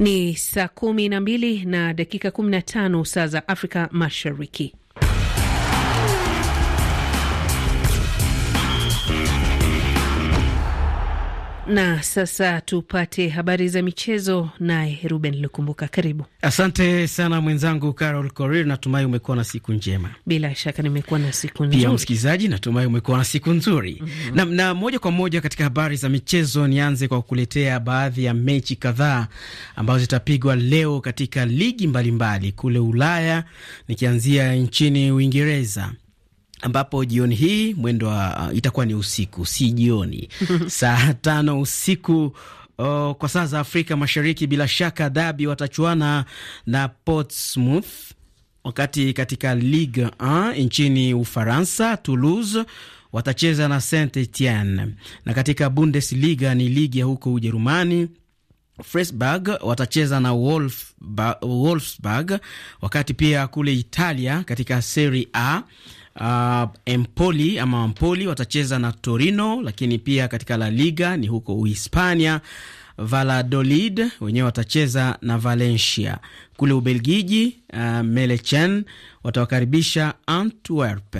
Ni saa kumi na mbili na dakika kumi na tano saa za Afrika Mashariki. Na sasa tupate habari za michezo naye Ruben Lukumbuka, karibu. Asante sana mwenzangu Carol Korir, natumai umekuwa na siku njema. Bila shaka nimekuwa na siku nzuri. Pia msikilizaji, natumai umekuwa na siku nzuri. mm -hmm. Na, na moja kwa moja katika habari za michezo, nianze kwa kukuletea baadhi ya mechi kadhaa ambazo zitapigwa leo katika ligi mbalimbali mbali kule Ulaya, nikianzia nchini Uingereza ambapo jioni hii mwendo wa uh, itakuwa ni usiku, si jioni saa tano usiku uh, kwa saa za Afrika Mashariki bila shaka dhabi watachuana na Portsmouth, wakati katika Ligue 1 nchini Ufaransa Toulouse watacheza na Saint Etienne, na katika Bundesliga ni ligi ya huko Ujerumani Freiburg watacheza na Wolfsburg, wakati pia kule Italia katika Serie A Uh, Empoli ama Empoli watacheza na Torino, lakini pia katika La Liga ni huko Uhispania. Valladolid wenyewe watacheza na Valencia. Kule Ubelgiji, uh, Melechen watawakaribisha Antwerp.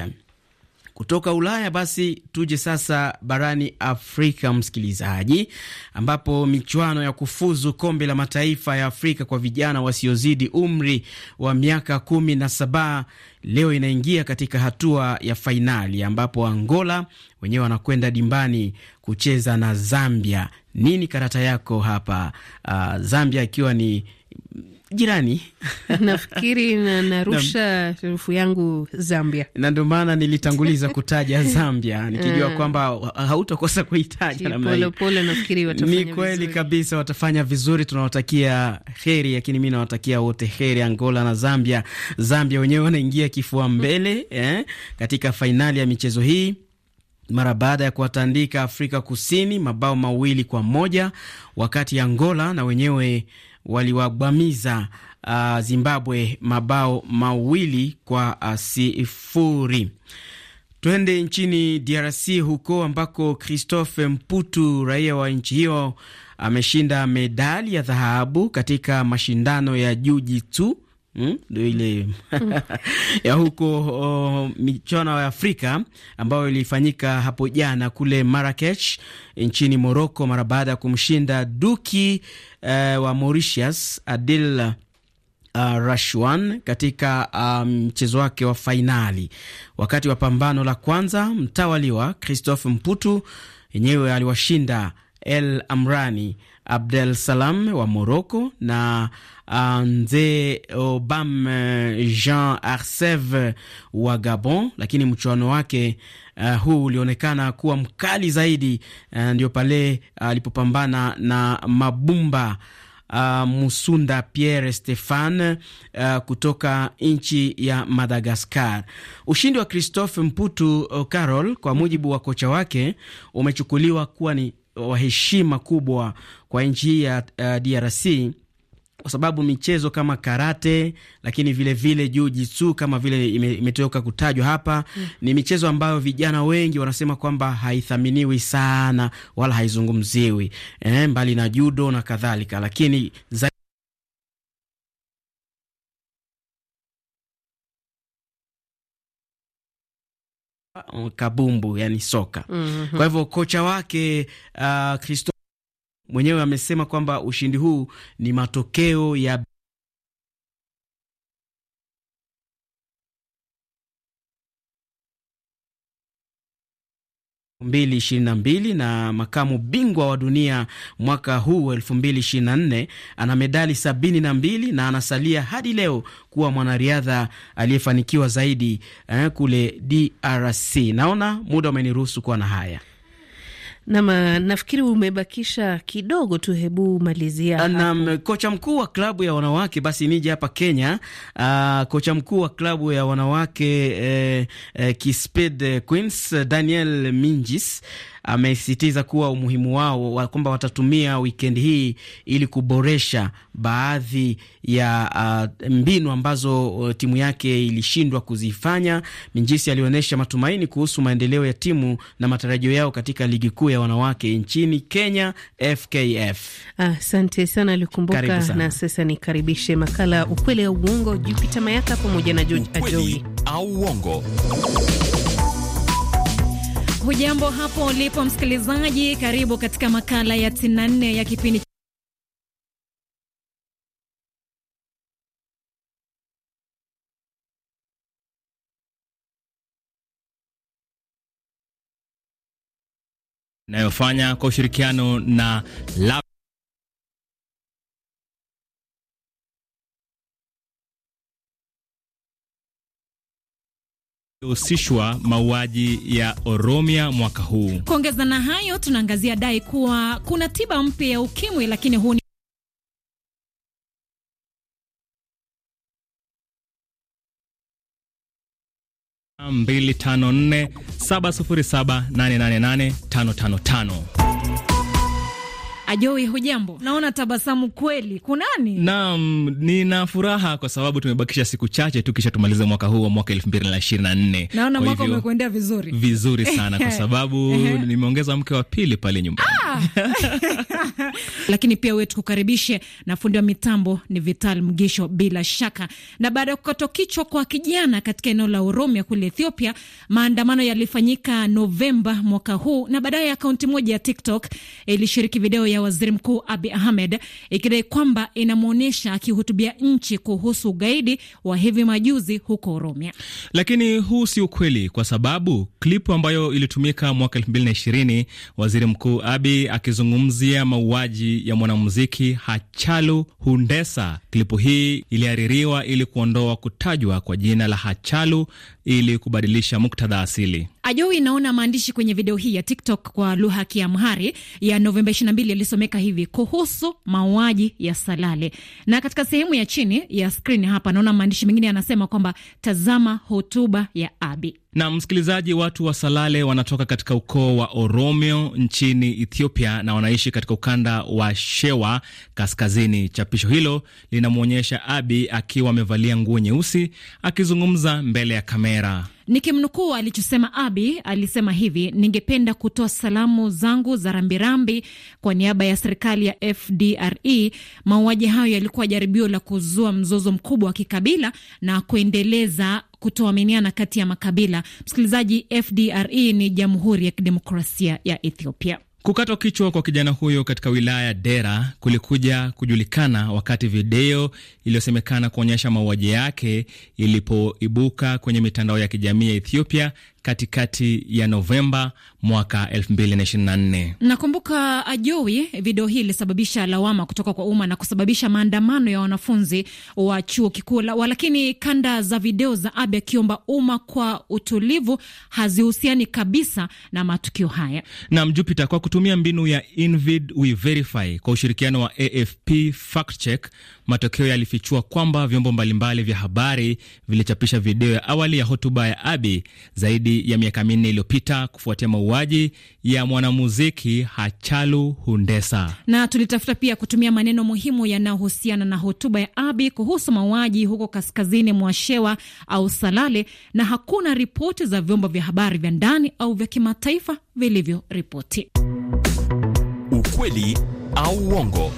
Kutoka Ulaya basi tuje sasa barani Afrika, msikilizaji, ambapo michuano ya kufuzu kombe la mataifa ya Afrika kwa vijana wasiozidi umri wa miaka kumi na saba leo inaingia katika hatua ya fainali, ambapo Angola wenyewe wanakwenda dimbani kucheza na Zambia. Nini karata yako hapa? Uh, Zambia ikiwa ni jirani nafikiri na narusha herufu yangu Zambia, na ndio maana nilitanguliza kutaja Zambia nikijua eh. kwamba hautakosa kuitaja namna Polepole nafikiri watafanya vizuri. Ni kweli kabisa, watafanya vizuri, tunawatakia heri, lakini mi nawatakia wote heri, Angola na Zambia. Zambia wenyewe wanaingia kifua mbele eh, katika fainali ya michezo hii mara baada ya kuwatandika Afrika Kusini mabao mawili kwa moja wakati Angola na wenyewe waliwagwamiza uh, Zimbabwe mabao mawili kwa uh, sifuri. Twende nchini DRC huko ambako Christophe Mputu, raia wa nchi hiyo, ameshinda medali ya dhahabu katika mashindano ya juji tu ndio mm, ile ya huko o, michuano ya Afrika ambayo ilifanyika hapo jana kule Marrakech nchini Morocco mara baada ya kumshinda duki eh, wa Mauritius Adil Uh, Rashwan katika ah, mchezo um, wake wa fainali. Wakati wa pambano la kwanza mtawaliwa Christophe Mputu yenyewe aliwashinda El Amrani Abdel Salam wa Morocco na uh, Nze Obam uh, Jean Arsev wa Gabon, lakini mchuano wake uh, huu ulionekana kuwa mkali zaidi uh, ndio pale alipopambana uh, na Mabumba Uh, Musunda Pierre Stefan uh, kutoka nchi ya Madagascar. Ushindi wa Christophe Mputu uh, Carol, kwa mujibu wa kocha wake, umechukuliwa kuwa ni wa heshima kubwa kwa nchi hii ya uh, eh, DRC kwa sababu michezo kama karate lakini vilevile jujitsu kama vile imetoka kutajwa hapa mm, ni michezo ambayo vijana wengi wanasema kwamba haithaminiwi sana wala haizungumziwi, eh, mbali na judo na kadhalika, lakini Uh, kabumbu, yani soka mm -hmm. Kwa hivyo kocha wake uh, mwenyewe amesema kwamba ushindi huu ni matokeo ya 2022 na makamu bingwa wa dunia mwaka huu 2024. Ana medali 72 na anasalia hadi leo kuwa mwanariadha aliyefanikiwa zaidi eh, kule DRC. Naona muda umeniruhusu kuwa na haya. Nama, nafikiri umebakisha kidogo tu, hebu malizia. Ah, Naam, kocha mkuu wa klabu ya wanawake basi nije hapa Kenya. Uh, kocha mkuu wa klabu ya wanawake eh, eh, Kisped Queens Daniel Minjis amesisitiza kuwa umuhimu wao kwamba watatumia wikendi hii ili kuboresha baadhi ya uh, mbinu ambazo uh, timu yake ilishindwa kuzifanya. Minjisi alionyesha matumaini kuhusu maendeleo ya timu na matarajio yao katika ligi kuu ya wanawake nchini Kenya FKF. Asante ah, sana alikumbuka na sasa nikaribishe makala Ukweli au Uongo, Jupita Mayaka pamoja na George Ajoi au uongo Hujambo hapo ulipo msikilizaji, karibu katika makala ya 94 ya kipindi inayofanya kwa ushirikiano na lab husishwa mauaji ya Oromia mwaka huu. Kuongeza na hayo, tunaangazia dai kuwa kuna tiba mpya ya ukimwi, lakini huu ni mbili tano nne saba sufuri saba nane nane nane tano tano tano. Ajoi, hujambo? Naona tabasamu kweli, kunani? Naam, nina furaha kwa sababu tumebakisha siku chache tu kisha tumalize mwaka huu wa mwaka elfu mbili na ishirini na nne. Naona mwaka umekuendea vizuri vizuri sana kwa sababu nimeongeza mke wa pili pale nyumbani. Ah, lakini pia wewe tukukaribishe na fundi wa mitambo ni Vital Mgisho bila shaka. Na baada ya kukatwa kichwa kwa kijana katika eneo la Oromia kule Ethiopia, maandamano yalifanyika Novemba mwaka huu, na baadaye akaunti moja ya TikTok ilishiriki video ya waziri mkuu Abi Ahmed ikidai kwamba inamwonyesha akihutubia nchi kuhusu ugaidi wa hivi majuzi huko Oromia. Lakini huu si ukweli, kwa sababu klipu ambayo ilitumika mwaka 2020 waziri mkuu Abi akizungumzia mauaji ya mwanamuziki Hachalu hundesa klipu hii ilihaririwa ili kuondoa kutajwa kwa jina la Hachalu ili kubadilisha muktadha asili. ajoi inaona maandishi kwenye video hii ya TikTok kwa lugha ya Kiamhari ya Novemba 22 yalisomeka hivi kuhusu mauaji ya Salale, na katika sehemu ya chini ya skrini hapa naona maandishi mengine yanasema kwamba tazama hotuba ya Abi. Na msikilizaji, watu wa Salale wanatoka katika ukoo wa Oromio nchini Ethiopia na wanaishi katika ukanda wa Shewa Kaskazini. Chapisho hilo linamwonyesha Abi akiwa amevalia nguo nyeusi akizungumza mbele ya kamera. Nikimnukuu alichosema Abi, alisema hivi: ningependa kutoa salamu zangu za rambirambi kwa niaba ya serikali ya FDRE. Mauaji hayo yalikuwa jaribio la kuzua mzozo mkubwa wa kikabila na kuendeleza kutoaminiana kati ya makabila. Msikilizaji, FDRE ni Jamhuri ya Kidemokrasia ya Ethiopia. Kukatwa kichwa kwa kijana huyo katika wilaya ya Dera kulikuja kujulikana wakati video iliyosemekana kuonyesha mauaji yake ilipoibuka kwenye mitandao ya kijamii ya Ethiopia katikati ya Novemba mwaka 2024. Nakumbuka Ajowi, video hii ilisababisha lawama kutoka kwa umma na kusababisha maandamano ya wanafunzi wa chuo kikuu, lakini kanda za video za Abe akiomba umma kwa utulivu hazihusiani kabisa na matukio haya. Nam Jupiter, kwa kutumia mbinu ya Invid We Verify kwa ushirikiano wa AFP Fact Check Matokeo yalifichua kwamba vyombo mbalimbali vya habari vilichapisha video ya awali ya hotuba ya Abiy zaidi ya miaka minne iliyopita kufuatia mauaji ya mwanamuziki Hachalu Hundessa, na tulitafuta pia kutumia maneno muhimu yanayohusiana na hotuba ya Abiy kuhusu mauaji huko kaskazini mwa Shewa au Salale, na hakuna ripoti za vyombo vya habari vya ndani au vya kimataifa vilivyoripoti ukweli au uongo.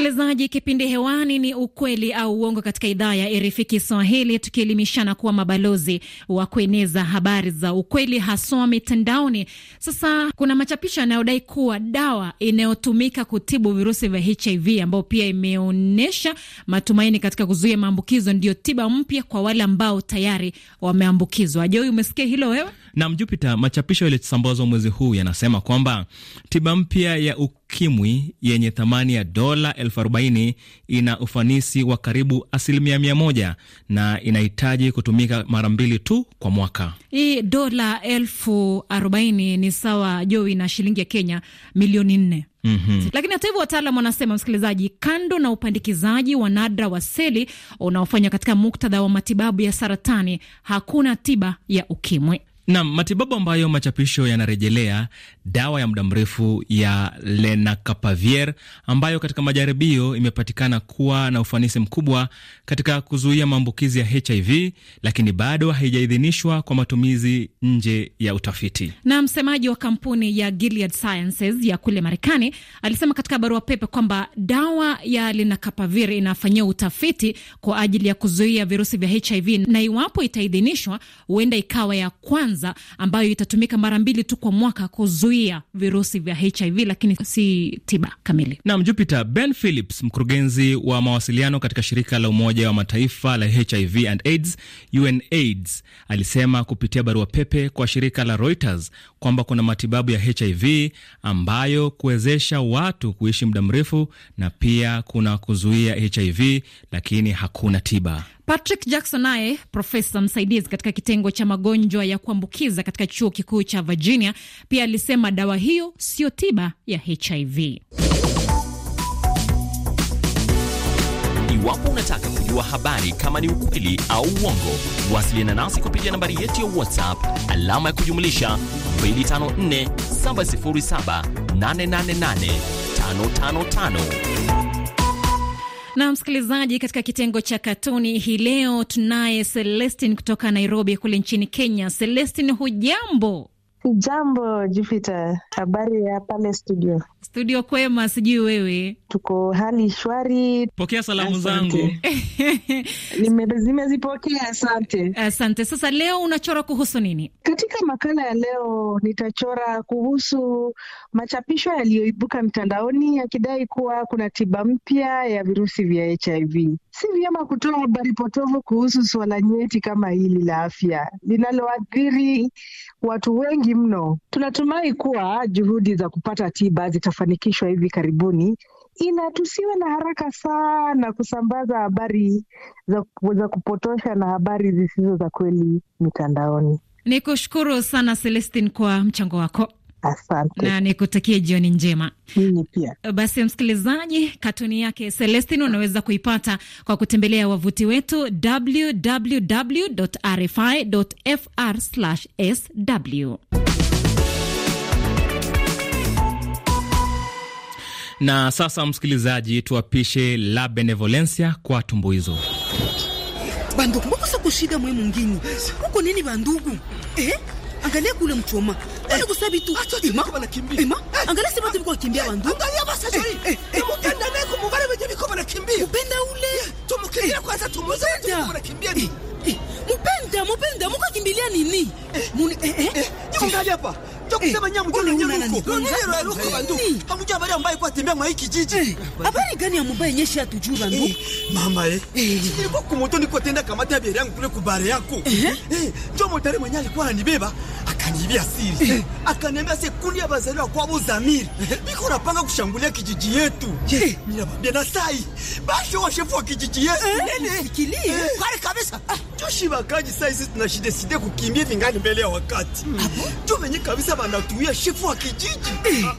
Msikilizaji, kipindi hewani ni ukweli au uongo katika idhaa ya RFI Kiswahili, tukielimishana kuwa mabalozi wa kueneza habari za ukweli haswa mitandaoni. Sasa kuna machapisho yanayodai kuwa dawa inayotumika kutibu virusi vya HIV ambayo pia imeonyesha matumaini katika kuzuia maambukizo ndiyo tiba mpya kwa wale ambao tayari wameambukizwa. Je, umesikia hilo wewe? Naam, Jupiter, machapisho yaliyosambazwa mwezi huu yanasema kwamba tiba mpya ya uk ukimwi yenye thamani ya dola elfu arobaini ina ufanisi wa karibu asilimia mia moja na inahitaji kutumika mara mbili tu kwa mwaka. Hii dola elfu arobaini ni sawa joi na shilingi ya Kenya milioni nne. Mm -hmm. Lakini hata hivyo wataalam wanasema, msikilizaji, kando na upandikizaji wa nadra wa seli unaofanywa katika muktadha wa matibabu ya saratani, hakuna tiba ya ukimwi. Nam, matibabu ambayo machapisho yanarejelea dawa ya muda mrefu ya lenacapavir ambayo katika majaribio imepatikana kuwa na ufanisi mkubwa katika kuzuia maambukizi ya HIV, lakini bado haijaidhinishwa kwa matumizi nje ya utafiti. Na msemaji wa kampuni ya Gilead Sciences ya kule Marekani alisema katika barua pepe kwamba dawa ya lenacapavir inafanyiwa utafiti kwa ajili ya kuzuia virusi vya HIV na iwapo itaidhinishwa, huenda ikawa ya kwanza Pfizer ambayo itatumika mara mbili tu kwa mwaka kuzuia virusi vya HIV, lakini si tiba kamili. Nam Jupiter Ben Phillips, mkurugenzi wa mawasiliano katika shirika la Umoja wa Mataifa la HIV and AIDS, UNAIDS, alisema kupitia barua pepe kwa shirika la Reuters kwamba kuna matibabu ya HIV ambayo kuwezesha watu kuishi muda mrefu na pia kuna kuzuia HIV, lakini hakuna tiba. Patrick Jackson naye profesa msaidizi katika kitengo cha magonjwa ya kuambukiza katika chuo kikuu cha Virginia pia alisema dawa hiyo siyo tiba ya HIV. Iwapo unataka kujua habari kama ni ukweli au uongo, wasiliana nasi kupitia nambari yetu ya WhatsApp alama ya kujumlisha 254 707 888 555. Na msikilizaji, katika kitengo cha katuni hii leo tunaye Celestin kutoka Nairobi kule nchini Kenya. Celestin, hujambo? Jambo Jupiter, habari ya pale studio? Studio kwema, sijui wewe. Tuko hali shwari. Pokea salamu zangu. Nimezipokea, asante. Asante. Sasa leo unachora kuhusu nini? Katika makala ya leo nitachora kuhusu machapisho yaliyoibuka mtandaoni yakidai kuwa kuna tiba mpya ya virusi vya HIV. Si vyema kutoa habari potovu kuhusu suala nyeti kama hili la afya linaloathiri watu wengi nyingi mno. Tunatumai kuwa juhudi za kupata tiba zitafanikishwa hivi karibuni, ila tusiwe na haraka sana kusambaza habari za, za kupotosha na habari zisizo za kweli mitandaoni. Ni kushukuru sana Celestin kwa mchango wako. Asante na nikutakie jioni njema. Mimi pia. Basi msikilizaji, katuni yake Celestin unaweza kuipata kwa kutembelea wavuti wetu www.rfi.fr/sw. Na sasa msikilizaji, tuwapishe la Benevolencia kwa tumbuizo banduku bakosa kushida mwe mungini huko nini bandugu eh? Angalia kule mchoma wewe eh, eh, kusabi tu. Acha Ima. Kama nakimbia. Ima. Eh. Angalia sema tulikuwa kimbia bandu. Angalia basi sorry. Tumukenda nako mubare wewe niko banakimbia. Upenda ule. Tumukimbia kwanza tumuze tulikuwa banakimbia ni. Mupenda, mupenda, muko kimbilia nini? Muni eh eh. Angalia hapa. Tukusema nyamu jana nyamu huko. Nero ya luko bandu. Hamujua habari ambaye kwa tembea mwa hiki jiji. Habari gani ya mubaya nyesha hatujui bandu? Mama eh. Nilikuwa kumotoni kwa tenda kamata ya bere yangu kule kubare yako. Eh. Ndio motari mwenye alikuwa ananibeba akanijibia siri, eh. akaniambia sekundi ya bazaliwa kwabo Zamiri eh. niko napanga kushambulia kijiji yetu. Eh. Ninabambia na sai basi washefu wa kijiji yetu nene kwale kabisa tushibakaji. Ah. Sai sisi tunashideside kukimbia vingani mbele ya wakati mm. tumenye kabisa, banatuia shefu wa kijiji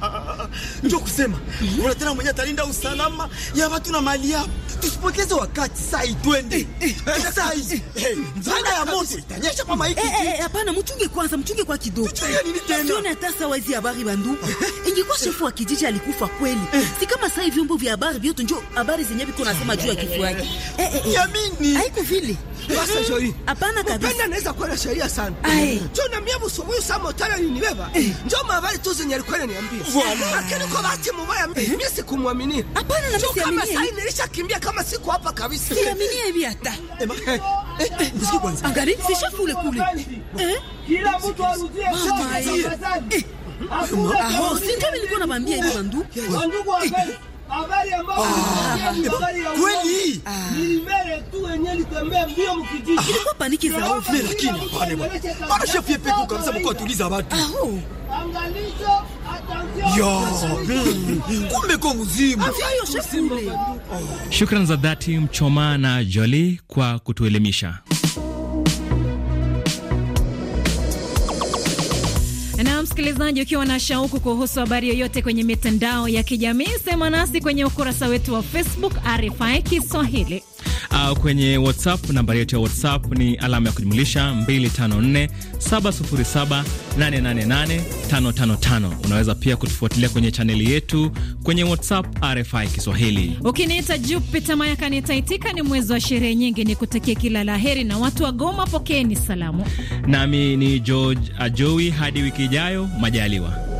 ah, ah, njo kusema mm. una tena mwenye atalinda usalama ya watu na mali yao. Tusipoteze wakati, sai twende. Sai mvula ya moto itanyesha mm. mama hiki. Hapana, mchunge kwanza, mchunge kwa kidogo. Sioni hata sawaizi habari banduku. Ingekuwa shefu wa kijiji alikufa kweli, eh. si kama sasa hivi vyombo vya habari vyote njo habari zenye biko nasema juu ya kifo yake. Eh, eh, Yamini haiko vile basa joi. Hapana kabisa, bana anaweza kuwa na sheria sana. Jo naambia busubuhi saa motara alinibeba, njo mahabari tu zenye alikuwa ananiambia, lakini kwa bahati mbaya mimi sikumwamini. Hapana, na mimi siamini. Kama sasa nilishakimbia kama siku hapa kabisa. Siamini hivi hata Angalia, si chafu Angalizo kumbe ko mzima. Shukran za dhati Mchoma na Joli kwa kutuelimisha. Na msikilizaji, ukiwa na shauku kuhusu habari yoyote kwenye mitandao ya kijamii, sema nasi kwenye ukurasa wetu wa Facebook RFI Kiswahili au kwenye WhatsApp. Nambari yetu ya WhatsApp ni alama ya kujumulisha 254 Unaweza pia kutufuatilia kwenye chaneli yetu kwenye WhatsApp RFI Kiswahili. Ukiniita Jupita Mayaka nitaitika. Ni mwezi wa sherehe nyingi, ni kutakia kila la heri, na watu wa Goma pokeeni salamu, nami ni George Ajowi. Hadi wiki ijayo, majaliwa.